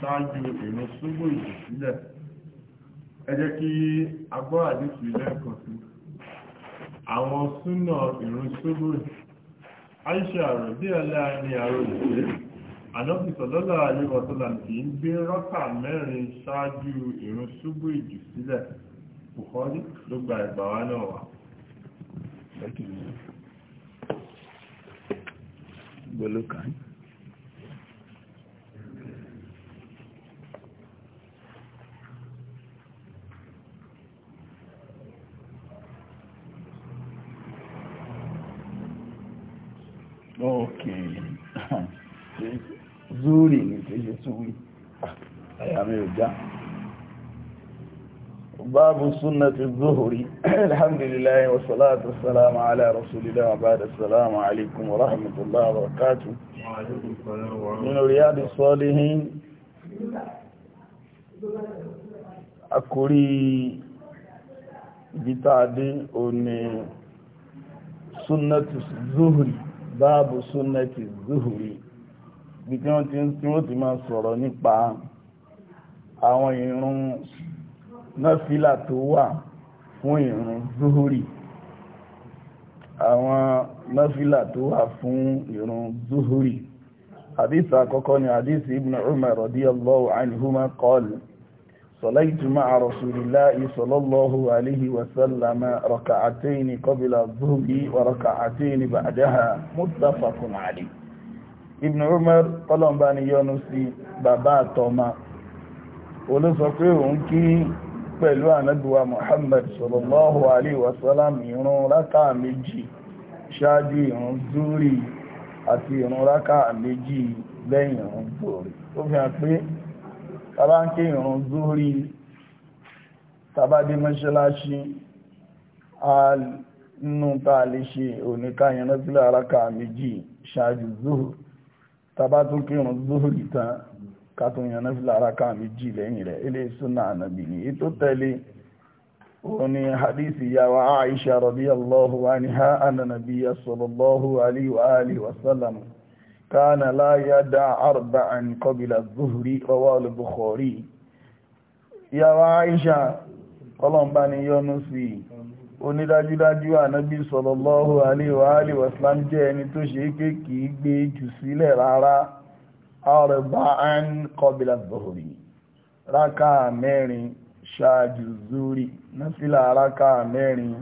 ṣáájú ìrìn ìjì sílẹ̀ ẹ kí agbọ́ àdísù lẹ́ẹ̀kan sí àwọn súnà ìrìn súgbò Aisha bí ẹlẹ́ ni àrò ìṣẹ́ ànọ́bìsọ̀ lọ́lá àríwọ̀tọ́lá kì í gbé rọ́kà mẹ́rin ṣáájú ìrìn sílẹ̀ zúúrì ní kéṣe súwí àyàmì ìjá báàbù súnà ti zúúrì wa salatu wa salamu ala rasulillah wa ba'da salamu alaikum wa rahmatullahi wa barakatuh nínú Riyadu Salihin akuri ìbítáadé ò ní súnà ti zúúrì báàbù bí tí wọ́n ti ń tí wọ́n ti máa sọ̀rọ̀ nípa àwọn ìrun náfílà tó wà fún ìrun zuhuri àwọn náfílà tó wà fún ìrun zuhuri hadith àkọ́kọ́ ni hadith ibn umar radiyallahu anhuma qala صليت مع رسول الله صلى الله عليه وسلم ركعتين قبل الظهر وركعتين بعدها متفق عليه ibn umar kọlọmbà ni yọ́nú sí bàbá àtọ́mà olóso pé òun kí pẹ̀lú ànábíwá muhammad sallallahu alaihi wasallam ìrun rákà méjì ṣáájú ìrun zúrì àti ìrun rákà méjì lẹ́yìn ìrun zúrì ó fi hàn pé tàbá ń kí ìrun nínú tàà ṣe òníkà ìrun rákà méjì ṣáájú zúrì tàbá tún kírun lórí tán kátó yan náfìlà rákà méjì lẹ́yìn rẹ̀ ilé súnà ànàbì ní ètò tẹ̀lé ó ní hadisi ìyàwó Aisha radiyallahu anha anànàbíyà sallallahu alayhi wa alihi wa sallam كان لا يدع أربعا قبل الظهر رواه البخاري يا عائشة قلن بني يونسي onídájúdájú ànábí sọ̀lọ́lọ́hù aléwàálì wàsílám jẹ́ ẹni tó ṣe pé kì í gbé jù sílẹ̀ rárá àrẹ̀bá án kọbílà zuhri rákà mẹ́rin ṣáájú zúrí náfílà rákà mẹ́rin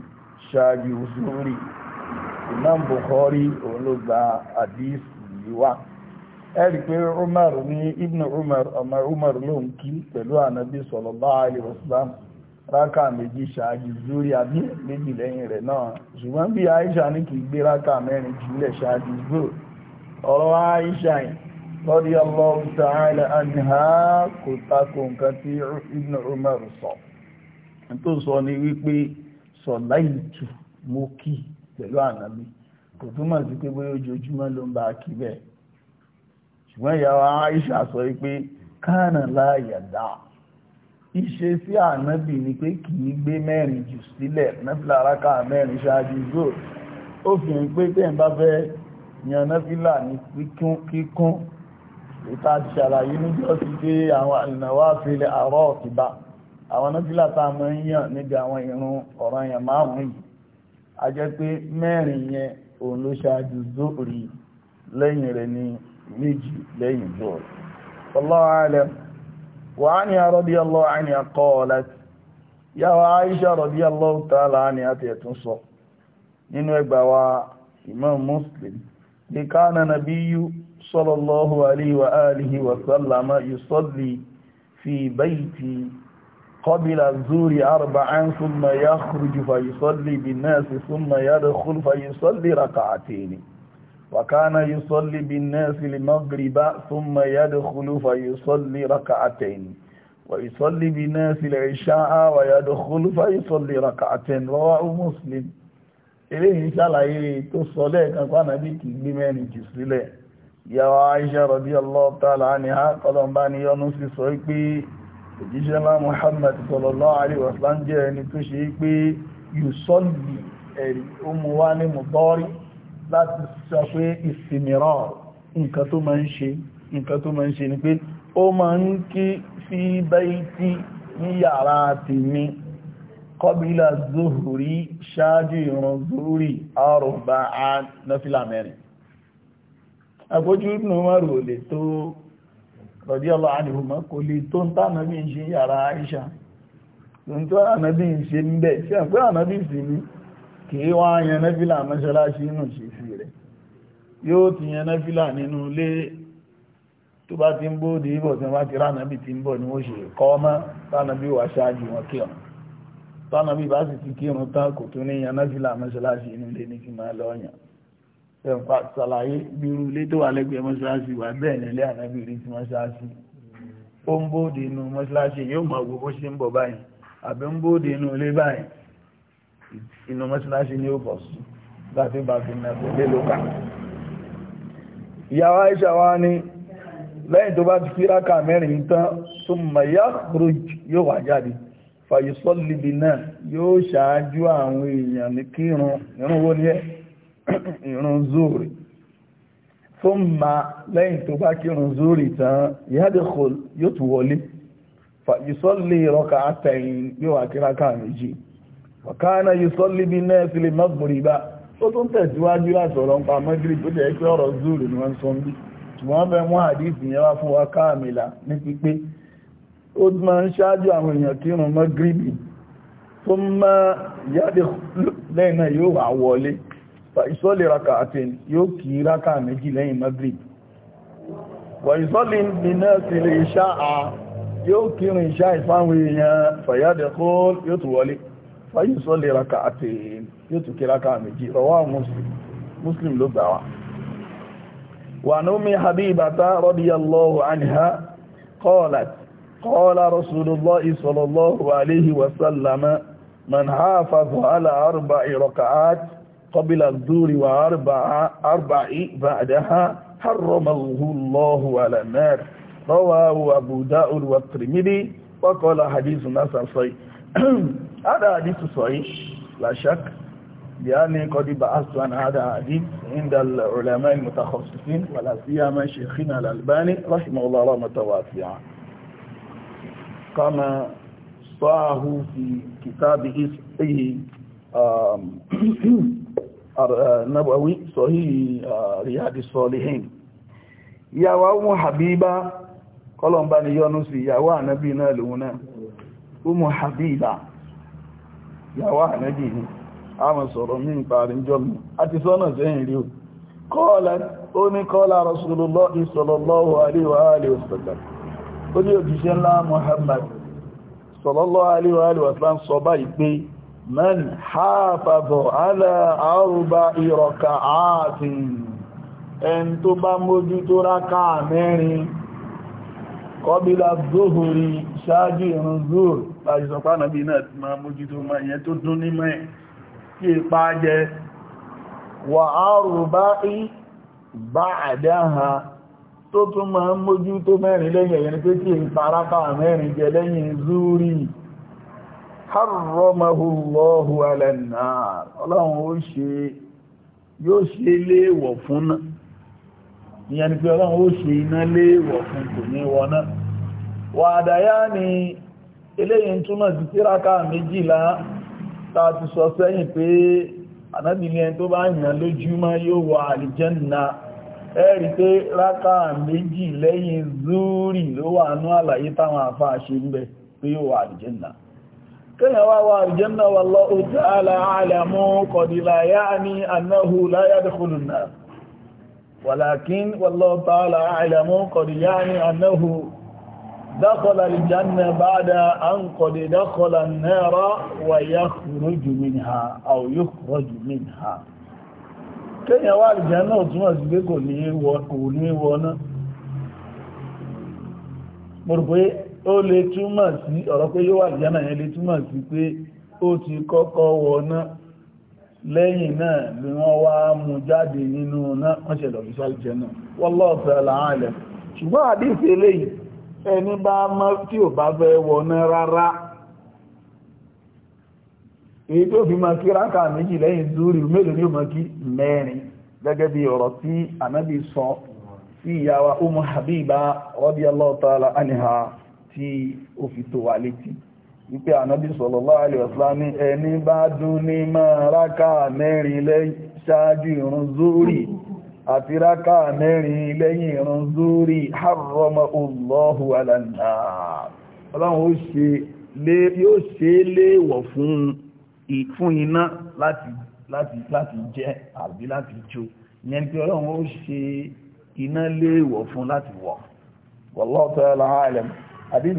ṣáájú zúrí imam bukhari òun ló gba àdísì yíwá ẹ̀rí pé umar ní ibn umar ọmọ umar ló kí pẹ̀lú ànábí sọ̀lọ́lọ́hù aléwàsílám rákà méjì ṣáájú zúrí àbí méjì lẹ́yìn rẹ̀ náà ṣùgbọ́n bí Aisha ní kìí gbé raka mẹ́rin jùlẹ̀ ṣáájú zúrù ọ̀rọ̀ Aisha lọ́dí Allahu ta'ala anha kò tako nǹkan tí Ibn Umar sọ tó sọ ni wípé sọ̀láìtù mú kí pẹ̀lú ànábì kò túmọ̀ sí pé bóyá ojoojúmọ́ ló ń bá kí bẹ́ẹ̀ ṣùgbọ́n ìyàwó Aisha sọ wípé kánà láàyè dáa ìṣe sí ànábì ni pé kì í gbé mẹ́rin jù sílẹ̀ nẹ́fìlà aráká mẹ́rin ṣáájú zó ó fi hàn pé tẹ́yìn bá fẹ́ yan nẹ́fìlà ní kíkún ìta ṣàlàyé níjọ́ sí pé àwọn àlìnàwà fílẹ̀ àárọ̀ ọ̀tìbá àwọn nẹ́fìlà tá a máa ń yàn níbi àwọn ìrun ọ̀ranyàn márùn-ún yìí a jẹ́ pé mẹ́rin yẹn òun ló ṣáájú zó lẹ́yìn rẹ̀ ní méjì lẹ́yìn zó وعنها رضي الله عنها قالت يا عائشة رضي الله تعالى عنها تيتنصر nínú ẹgbàwa imam muslim bí kánà nabiyyu sallallahu alaihi wa alihi wa sallama yusalli fi baiti qabla zuri arba'an thumma yakhruju fa yusalli bin nasi thumma yadkhul fa yusalli rak'atayn وكان يصلي بالناس المغرب ثم يدخل فيصلي ركعتين ويصلي بالناس العشاء ويدخل فيصلي ركعتين رواه مسلم eléyìí ṣàlàyé tó sọ lẹ́ẹ̀kan pánàbí kìí gbé mẹ́rin jù sílẹ̀ ìyàwó Aisha radiyallahu ta'ala anha kọlọmbá ni yọnu sí sọ pé òjíṣẹ́ ńlá Muhammad sallallahu alaihi wasallam jẹ́ ẹni tó ṣe pé yùsọ́lì ẹ̀rí ó mú wá ní mùtọ́rí láti sọ pé ìsìnmìíràn nǹkan tó máa ń ṣe nǹkan tó máa ń ṣe ni pé ó máa ń kí fi bayti ní yàrá tèmi kọbílà zuhuri ṣáájú ìrun zuhuri arùbá náfílà mẹ́rin agbójú ìbìnà márù olè tó radiyallahu anhuma kò lè tó ń tánà bí ń ṣe yàrá Aisha tó ń tó ànàbí ń ṣe ń bẹ̀ sí àpẹ́ ànàbí sí kìí wá yan nẹ́fílà mọ́ṣáláṣí inú ṣe fi rẹ̀ yóò ti yan nẹ́fílà nínú ilé tó bá ti ń bóde ibọ̀ tí wọ́n bá ti ránàbí ti ń bọ̀ ni wọ́n ṣe kọ́ mọ́ tánàbí wà ṣáájú wọn kírun tánàbí bá sì ti kírun tán kò tún ní yan nẹ́fílà mọ́ṣáláṣí inú ilé ní kí máa lọ́yàn ẹ̀fà ṣàlàyé bírú ilé tó wà lẹ́gbẹ̀ẹ́ mọ́ṣáláṣí wà bẹ́ẹ̀ nílé ànábì rí ti mọ́ṣáláṣí ó ń bóde inú mọ́ṣáláṣí yóò mọ̀ gbogbo ṣe ń bọ̀ báyìí àbí ń bóde inú ilé báyìí inú mọ́ṣáláṣí ní ó bọ̀ sí láti bá fi nà tẹ̀lé lókà ìyàwó Aisha wá ní lẹ́yìn tó bá ti fi ráka mẹ́rin tán summa yakhruj yóò wà jáde fàyíṣọ́lì bí náà yóò ṣáájú àwọn èèyàn ní kírun ìrun wo ni ẹ́ ìrun zóòrì tó ma lẹ́yìn tó bá kírun zóòrì tán yóò tù wọlé fàyíṣọ́lì rọ́ka àtẹ̀yìn yóò wà kíráka méjì ọ̀kánà yìí bí náà sí lè mọ́gbùnrin bá ó tún tẹ̀síwájú láti ọ̀rọ̀ ń pa mọ́gírí tó jẹ́ pé ọ̀rọ̀ zúrù ni wọ́n sọ bí ṣùgbọ́n bẹ wọ́n àdíìsì yẹn wá fún wa káàmìlà ní pípé ó máa ń ṣáájú àwọn èèyàn kírun mọ́gírí tó máa jáde lẹ́yìn náà yóò wà wọlé ìṣọ́lẹ̀ raka àti yóò kí raka méjì lẹ́yìn mọ́gírí wà ìṣọ́lẹ̀ bí náà sí lè ṣáà yóò ìfáwọn èèyàn fàyádẹ̀kọ́ yóò tún wọlé fàyè sọ́lé raka àti yóò tún kí raka méjì rọwọ́ muslim muslim ló gbà wá wà ní omi habibata radiyallahu anha qalat qala rasulullah sallallahu alayhi wa sallam man hafaza ala arba'i raka'at qabla adh-dhuhri wa arba'i ba'daha harramahu Allahu ala nar rawahu abu هذا حديث صحيح لا شك لأني قد بحثت عن هذا الحديث عند العلماء المتخصصين ولا سيما شيخنا الألباني رحمه الله رحمة واسعة كما صاه في كتابه صحيح نبوي صحيح رياض الصالحين يا وام حبيبة قالوا بني يونس يا وام نبينا لونا أم حبيبة yàwó ànẹ́bì ni a mọ̀ sọ̀rọ̀ mí ń parí jọ mi a ti sọ́nà sẹ́yìn rí o kọ́ọ̀lá ó ní kọ́ọ̀lá rasulullahi sallallahu alaihi wa alihi wasallam ó ní òjíṣẹ́ ńlá Muhammad sallallahu alaihi wa alihi wasallam sọ báyìí pé man hafazo ala láti sọ pé ànábì náà ti máa mójútó ma ìyẹn tó dún ní mẹ́ kí ipa jẹ wà árùbá ì bá àdáha tó tún máa mójútó mẹ́rin lẹ́yìn ẹ̀yẹn pé kí ìparákà mẹ́rin jẹ lẹ́yìn zúrí harramahullahu alannar ọlọ́run ó ṣe yóò iná léèwọ̀ fún kò ní wọná wàdáyá ni eléyìí ń túmọ̀ sí tíraka méjìlá tá a ti sọ sẹ́yìn pé anábìnrin tó bá yàn lójúmọ́ yóò wọ àlìjẹ́nà ẹ̀rí pé ráka méjì lẹ́yìn zúúrì ló wà ní àlàyé táwọn àfáà ṣe ń bẹ pé yóò wọ àlìjẹ́nà kíyàn wá wà àlìjẹ́nà wallahu ta'ala dakhala al-janna ba'da an qad dakhala an-nara wa yakhruju minha aw yukhraju minha kéèyàn wà àlìjánà túnmọ̀ sí pé kò ní wọná mo rò pé ó lè túnmọ̀ sí ọ̀rọ̀ pé yóò wà àlìjánà yẹn lè túnmọ̀ sí pé ó ti kọ́kọ́ wọná lẹ́yìn náà ni wọ́n wá mú jáde nínú náà wọ́n ṣẹlọ̀ ìṣàlìjánà wallahu ta'ala a'lam ṣùgbọ́n àdífẹ́ eléyìí ẹni bá mọ́ tí ò bá fẹ́ wọná rárá èyí tó fi máa kí rákà méjì lẹ́yìn zúrí mélòó ní ọmọ kí mẹ́rin gẹ́gẹ́ bí ọ̀rọ̀ tí ànábì sọ sí ìyàwó Umu Habiba radiyallahu ta'ala anha tí ó fi tó àti rákà mẹ́rin lẹ́yìn ìran zórí harrama Allahu alanna ọlọ́run ó ṣe lé yóò ṣe léèwọ̀ fún iná láti láti láti jẹ àbí láti jó ìyẹn pé ọlọ́run ó ṣe iná léèwọ̀ fún láti wọ̀ wallahu ta'ala bí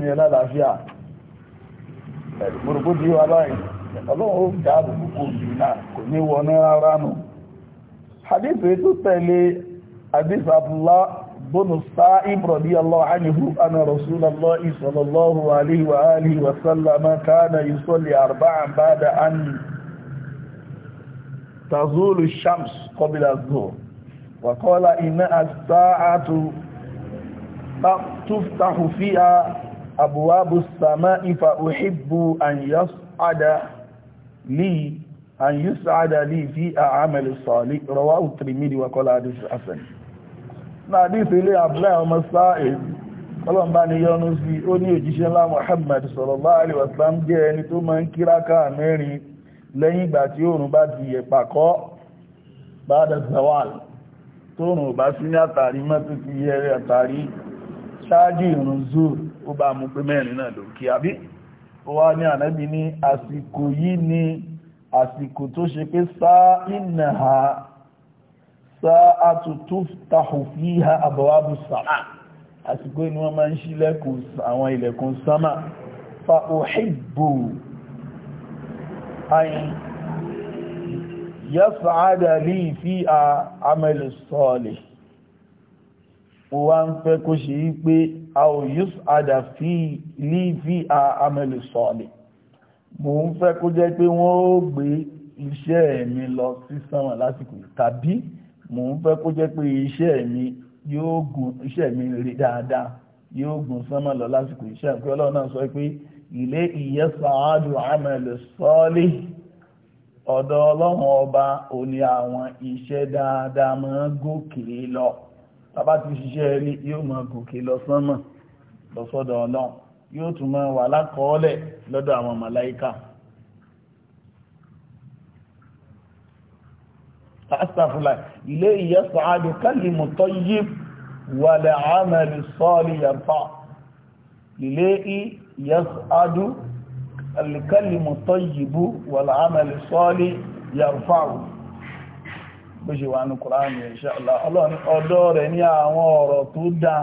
wà báyìí ọlọ́run ó dáàbò púpọ̀ jù kò ní wọná rárá nù hadith rẹ̀ tó tẹ̀lé hadith abdullah bónú sa'ib radiyallahu anhu ana rasulallah sallallahu alaihi wa alihi wa sallama kana yusalli arba'an ba'da an tazulu shams qabla az-zuhr wa qala inna as-sa'atu تفتح فيها أبواب السماء فأحب أن يصعد لي an yus'ada li fi a'mal salih rawahu Tirmidhi wa qala hadith hasan na hadith ile abla ọmọ sa'id Ọlọ́run bá ni yọ́nú sí ó ní òjíṣẹ́ ńlá Muhammad sallallahu alaihi wasallam jẹ́ ẹni tó máa ń kíraka mẹ́rin lẹ́yìn ìgbà tí oòrùn bá ti yẹ̀pà kọ́ ba'da zawal tóòrùn bá sí ní àtàrí mọ́tò ti yẹrẹ àtàrí ṣáájú ìrun zuhr ó bá mú pé mẹ́rin náà ló kí àbí ó wá ní ànábì ní àsìkò ni àsìkò tó ṣe pé sáà ìnà ha sáà àtútù tàhùfí ha àbọ̀wábù sàmà àsìkò inú wọn máa ń ṣí lẹ́kùn àwọn ilẹ̀kùn sàmà fa òhìbò ayin yásàádà lè fi àmàlì sọ́ọ̀lẹ̀ wọ́n fẹ́ kó ṣe yí pé a ò yásàádà lè fi àmàlì sọ́ọ̀lẹ̀ mo ń fẹ́ kó jẹ́ pé wọ́n ó gbé iṣẹ́ mi lọ sí sánmà lásìkò tàbí mo ń fẹ́ kó jẹ́ pé iṣẹ́ mi yóò gùn iṣẹ́ mi rí dáadáa yóò gùn sánmà lọ lásìkò iṣẹ́ àpẹ́ ọlọ́run náà sọ pé ilé ìyẹ́ sàádùn àmẹ́lẹ̀ sọ́ọ́lì ọ̀dọ̀ ọlọ́run ọba ò ní àwọn iṣẹ́ dáadáa máa gòkè lọ tá ti ṣiṣẹ́ rí yóò máa gòkè lọ sánmà lọ sọ́dọ̀ ọlọ́run yóò tún máa wà lákọọ́lẹ̀ lọ́dọ̀ àwọn màláíkà astafula ilé ìyẹ́sọ̀ àjò kálìmù tó yí wàlẹ̀ àmàlì sọ́ọ̀lì yàtọ̀ ilé ìyẹ́sọ̀ àjò kálìmù tó yìbú wàlẹ̀ àmàlì sọ́ọ̀lì yàtọ̀ bó ṣe wà ní kùránì insha Allah ọlọ́run ọ̀dọ̀ rẹ̀ ní àwọn ọ̀rọ̀ tó dáa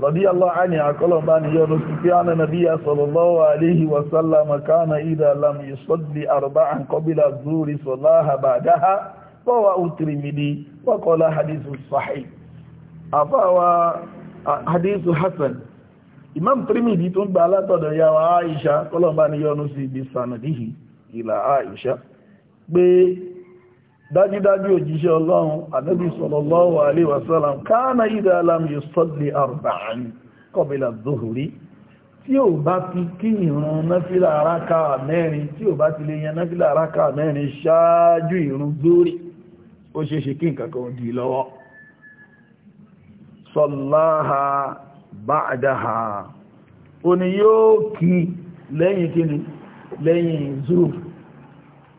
radiyallahu anhu akọ́lọ̀ bá ní yọ́nú sí pé ánà nabiyya sallallahu alayhi wa sallam kana idha lam yusalli arba'an qabla zuhri sallaha ba'daha fọ́wà Tirmidhi wa qala hadithu sahih àfáwà hadithu hasan imam Tirmidhi tó ń gba alátọ̀dọ̀ ya wa Aisha kọ́lọ̀ bá ní yọ́nú sí ibi sanadihi ila Aisha pé dájúdájú òjíṣẹ́ ọlọ́run ànábì sallallahu alaihi wasallam kana idha lam yusalli arba'an qabla dhuhri tí ò bá ti kí ìrun náfílà aráka mẹ́rin tí ò bá ti lè yan náfílà aráka mẹ́rin ṣáájú ìrun dórí ó ṣe ṣe kí nǹkankan dì lọ́wọ́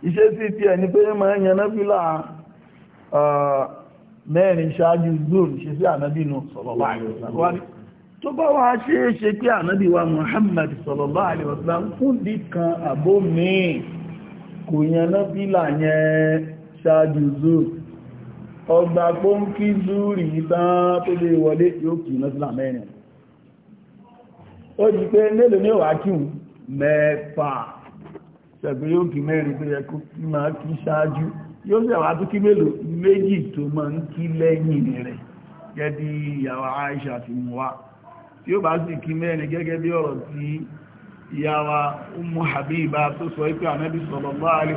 iṣẹ́ sí ti ẹni pé máa ń yaná fílà mẹ́rin ṣáájú zoro ṣe sí ànábì nù sallallahu alaihi wasallam tó bá wá ṣe é ṣe pé ànábì wa Muhammad sallallahu alaihi wasallam fún dí kan àbó míì kò yaná fílà yẹn ṣáájú zoro ọgbà pọ́ńkí zúrì tán tó lè wọlé yóò kì náà mẹ́rin ó di pé mélòó ní òwá kíhùn mẹ́fà ṣẹ̀gbẹ́ yóò kí mẹ́rin tó yẹ kó máa kí ṣáájú yóò ṣẹ̀wà tó kí mélòó méjì tó máa ń kí lẹ́yìn rẹ̀ gẹ́bí ìyàwó Aisha ti mú wá tí ó bá sì kí mẹ́rin gẹ́gẹ́ bí ọ̀rọ̀ tí ìyàwó Ummu Habiba tó sọ pé Ànábì sallallahu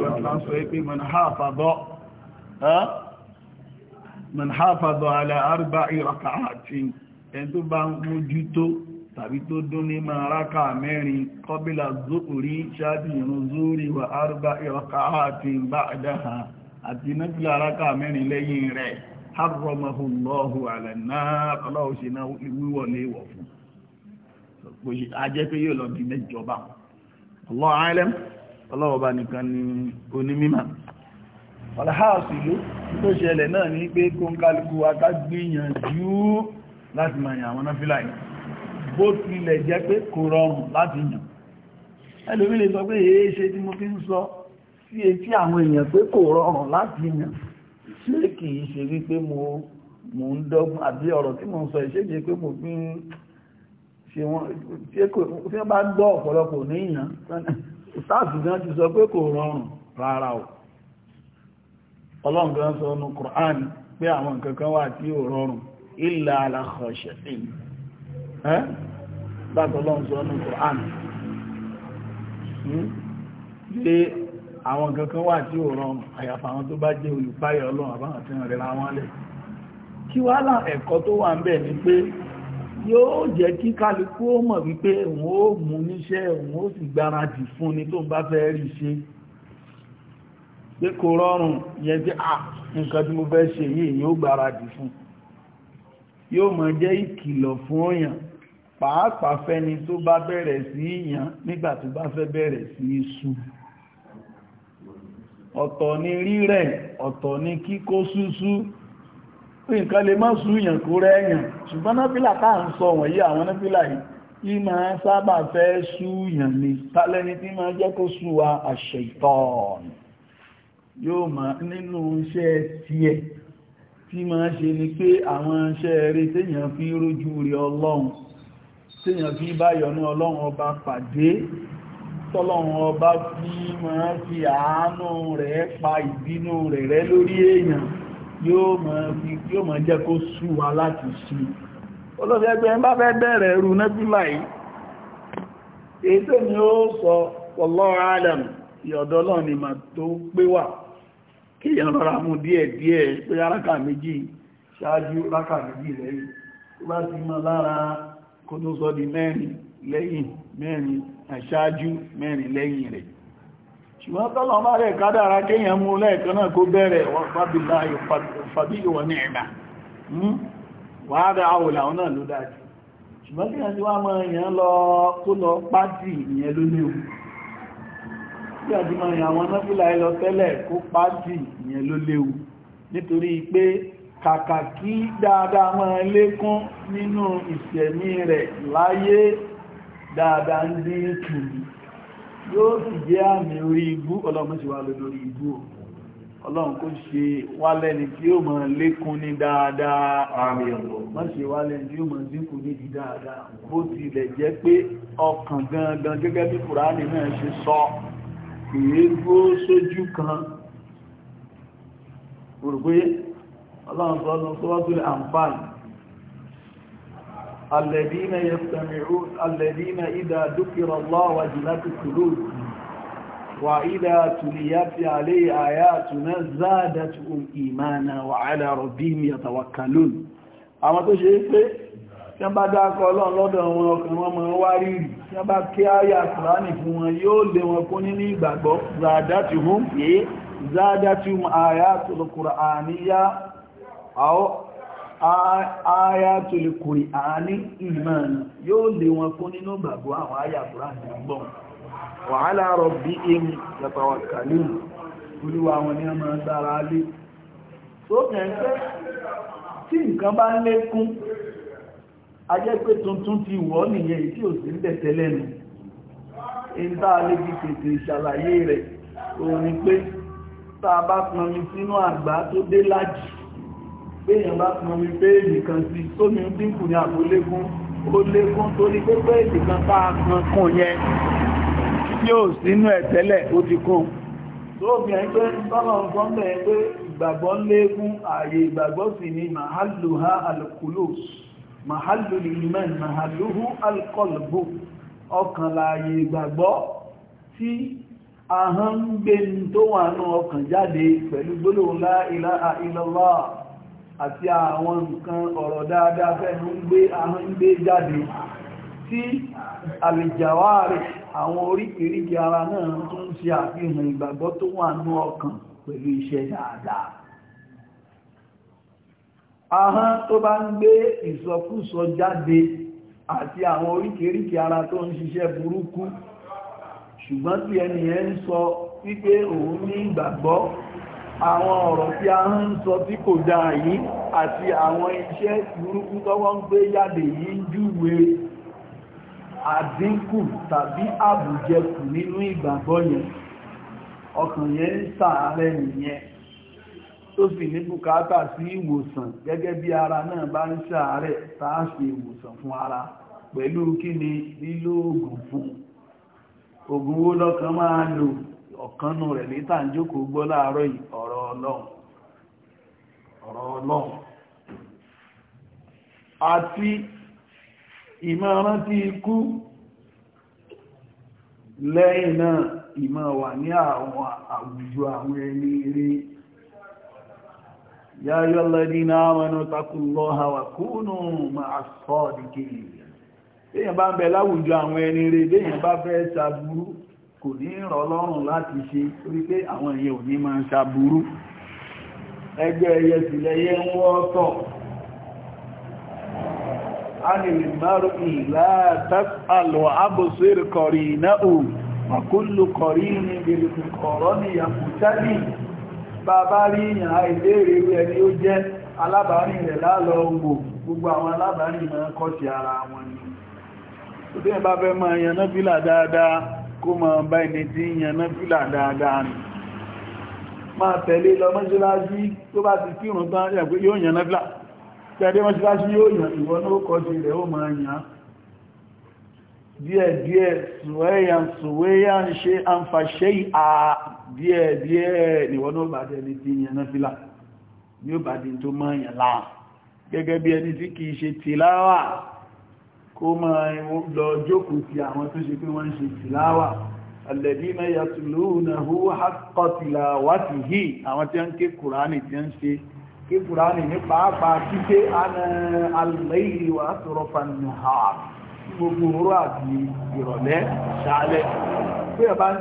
tàbí tó dún ní máa rákà mẹ́rin kọbílà zóòrí ṣáájú ìrun zóòrí wà arúgbá ìrọ̀ká àti bá àdáha àti nájúlá rákà mẹ́rin lẹ́yìn rẹ̀ harramahullahu alẹ́nà ọlọ́ọ̀ṣẹ́ná wíwọlé wọ̀ fún ajẹ́ pé yóò lọ di mẹ́jọba Allahu alam ọlọ́ọ̀bá nìkan ni onímímọ̀ ọ̀làháàsìlú náà ní pé bó tilẹ̀ jẹ́ pé kò rọrùn láti yàn ẹlòmí lè sọ pé èé ṣe tí mo fi ń sọ sí etí àwọn èèyàn pé kò rọrùn láti yàn ṣé kì í ṣe wípé mo mo ń dọ́gbọ́n àbí ọ̀rọ̀ tí mo ń sọ ìṣèjì pé mo fi ń ṣe wọ́n tí wọ́n bá gbọ́ ọ̀pọ̀lọpọ̀ ní ìyàn sáàtì tí bákan lọ́n sọ ní Quran hmm? pé àwọn kankan wà tí ò rọrùn àyàfà àwọn tó bá jẹ́ olùpáyọ̀ ọlọ́run àbáwọn tí wọ́n rẹra wọn lẹ̀ kí wá là ẹ̀kọ́ tó wà ń bẹ̀ ni pé yóò jẹ́ kí kálukú ó mọ̀ wípé òun ó mú níṣẹ́ òun ó sì gbáradì fún ni tó ń bá fẹ́ rí ṣe pé kò rọrùn pàápàá fẹ́ni tó bá bẹ̀rẹ̀ sí yàn nígbà tó bá fẹ́ bẹ̀rẹ̀ sí iṣu ọ̀tọ̀ ni rírẹ̀ ọ̀tọ̀ ni kíkó súsú pé nǹkan lè má súyàn kó rẹ́yàn ṣùgbọ́n náfílà táà ń sọ wọ̀nyí àwọn náfílà yìí yí máa sábà fẹ́ súyàn ni tálẹ́ni tí máa jẹ́ kó súwa àṣẹ ìtọ́ọ̀nù yóò máa nínú iṣẹ́ tiẹ̀ tí máa ṣe ni pé àwọn iṣẹ́ rẹ̀ téèyàn fi rójú rí ọlọ́run tíyàn fi báyọ̀ ní ọlọ́run ọba pàdé tọ́lọ́run ọba fi máa fi àánú rẹ̀ pa ìbínú rẹ̀ rẹ̀ lórí èèyàn yóò máa jẹ́ kó sú wa láti sí olóṣẹ́gbẹ́ bá fẹ́ bẹ̀rẹ̀ ẹrù nẹ́bílà yìí ètò ni ó sọ wallahu alam ìyọ̀dọ́lọ́ ni mà kó tó sọ di mẹ́rin lẹ́yìn mẹ́rin àṣáájú mẹ́rin lẹ́yìn rẹ̀ ṣùgbọ́n tọ́lọ̀ bá rẹ̀ kádàrá kéèyàn mú lẹ́ẹ̀kan náà kó bẹ̀rẹ̀ wọ́n fábílá fàbílì wọ́n ní ẹ̀mà wàádà àwòlà àwọn náà ló dájú ṣùgbọ́n kí ẹni wá máa yàn lọ kó lọ kàkà kí dáadáa máa lékún nínú ìṣẹ̀mí rẹ̀ láyé dáadáa ń dín kìí yóò sì jẹ́ àmì orí ibú ọlọ́run sì wá lórí ibú ọlọ́run kó ṣe wá lẹ́ni tí ó máa lékún ní dáadáa àmì ọ̀rọ̀ ọlọ́run sọ ọ́nà suratul Anfal alladhina yastami'un alladhina idha dhukira Allah wajilat qulub wa idha tuliyat alayhim ayatuna zadatuhum imana wa ala rabbihim yatawakkalun àwọn tó ṣe é pé tí wọ́n bá dákọ ọlọ́run lọ́dọ̀ wọn ọkàn wọn máa wá rírì tí bá kí àyà àwọ́ ayatul Qur'ani ìmáàni yóò lè wọn kún nínú gbàgbọ́ àwọn ayàtùrà ní gbọ́n wa ala rabbihim yatawakkalun olúwa wọn ni a máa dára lé tó kẹ́ẹ̀kẹ́ tí nǹkan bá ń lékún a jẹ́ pé tuntun ti wọ́ nìyẹn tí ò sí ń bẹ̀ tẹ́lẹ̀ nù ìta lè fi tètè ìṣàlàyé rẹ̀ òun ni pé tá a bá pọnmi sínú àgbá tó dé béèyàn bá mọ mi pé nìkan sí tómi ń dínkù ní àbò lékún ó lékún torí pé pé nìkan tá a kan kùn yẹn yóò sínú ẹ̀ tẹ́lẹ̀ ó ti kún lóbìnrin pé sọ́nà nǹkan bẹ̀rẹ̀ pé ìgbàgbọ́ lékún ààyè ìgbàgbọ́ sì ni mahaluha alkulus mahalu liman mahaluhu alkolbu ọkàn láàyè ìgbàgbọ́ tí ahọ́n ń gbé tó wà ní ọkàn jáde pẹ̀lú gbólóhùn la ilaha àti àwọn nǹkan ọ̀rọ̀ dáadáa fẹ́nu ń gbé ahọ́n ń gbé jáde tí àlèjàwárí àwọn oríkèríkè ara náà tún ṣe àfihàn ìgbàgbọ́ tó wà ní ọkàn pẹ̀lú iṣẹ́ dáadáa ahọ́n tó bá ń gbé ìsọkúsọ jáde àti àwọn oríkèríkè ara tó ń ṣiṣẹ́ burúkú ṣùgbọ́n tí ẹnìyẹn ń sọ wípé òun ní ìgbàgbọ́ àwọn ọ̀rọ̀ tí a ń sọ tí kò dáa yìí àti àwọn iṣẹ́ burúkú tọ́wọ́ ń gbé yàdè yìí ń júwe àdínkù tàbí àbùjẹkù nínú ìgbàgbọ́ yẹn ọkàn yẹn ń ṣàárẹ̀ nìyẹn tó sì ní bùkátà sí ìwòsàn gẹ́gẹ́ bí ara náà bá ń ṣàárẹ̀ tá ìwòsàn fún ara pẹ̀lú kí ni lílo oògùn fún oògùn wo lọ́kàn máa lò ọ̀kanú rẹ̀ ní tàǹjókò gbọ́ láàárọ̀ ọ̀rọ̀ ọlọ́run ọ̀rọ̀ àti ìmọ̀ràn tí ikú lẹ́yìn náà ìmọ̀ wà ní àwọn àwùjọ àwọn ẹni rí يا أيها الذين آمنوا اتقوا الله وكونوا مع الصادقين èèyàn bá ń bẹ láwùjọ àwọn ẹni kò ní rọ̀ lọ́rùn láti ṣe pé àwọn èèyàn ò ní máa ń ṣàbúrú ẹgbẹ́ ẹyẹ sílẹ̀ yẹ ń wọ́ọ̀tọ̀ anìlì márùn ìlà tàbàlọ̀ àbòsír kọ̀rì náà wàkúlù kọ̀rì ní ìrìnkù kọ̀rọ̀ ní àkùtálì bàbá rí ìyàn máa kó máa bá ẹni tí ń yan náfìlà dáadáa nù máa tẹ̀lé lọ mọ́ṣáláṣí tó bá ti kírun tán rẹ̀ pé yóò yan náfìlà tẹ̀lé mọ́ṣáláṣí yóò yan ìwọ náà kọ́ sí rẹ̀ ó máa yan díẹ̀díẹ̀ sùwẹ́yà sùwẹ́yà ń ṣe àǹfàṣẹ́ ìhà díẹ̀díẹ̀ ìwọ náà bá tẹ̀lé tí kó máa lọ jókòó ti àwọn tó ṣe pé wọ́n ń ṣe tìláwà alẹ́bí mẹ́yà tìlúùnàhú àkọtìláwàtìhì àwọn tí ó ń ké kùránì tí ó ń ṣe ké kùránì ní pàápàá kíké alẹ́yìí wà tọrọfà nìhàrù gbogbo oró àti pàápàá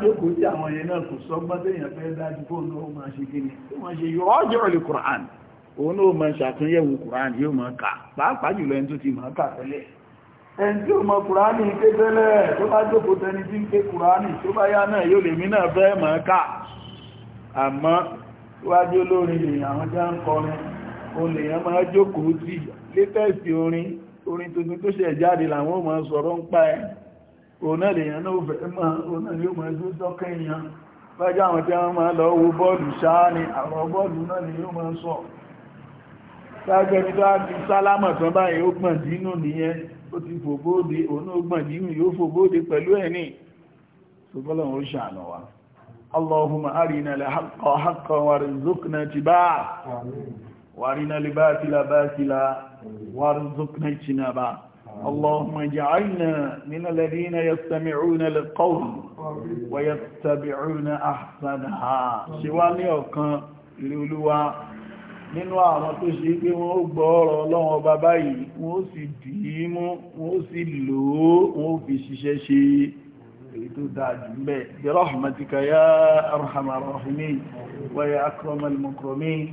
jùlọ ẹni tó ti máa kà tẹ́lẹ̀ ẹni tí ó mọ kùránì ké tẹ́lẹ̀ tó bá jókòó tẹni tí ń ké kùránì tó bá yá náà yóò lè mí náà fẹ́ mọ̀ ká àmọ́ wájú olórin lèyàn àwọn já ń kọrin olèyàn máa jókòó tí létẹ́sì orin orin tuntun tó ṣẹ̀ jáde làwọn sọ̀rọ̀ ń pa lèyàn náà ó ti fòbóde òun ó gbọ̀n jíhùn yóò fòbóde pẹ̀lú ẹ̀ ní ṣùgbọ́n ó ṣàánà wa allahumma arina al-haqqa haqqan warzuqna ittiba'ah warina al-batila batila warzuqna ijtinabah اللهم اجعلنا من الذين يستمعون للقول ويتبعون احسنها سوى لي ọ̀kan lulúwa nínú àwọn tó ṣe pé wọ́n ó gbọ́ ọ̀rọ̀ ọlọ́run ọba báyìí wọ́n ó sì dì í mú wọ́n ó sì lò ó wọ́n ó fi ṣiṣẹ́ ṣe èyí tó dáa jù mbẹ́ bi rahmatika ya arhamar rahimin wa ya akramal mukramin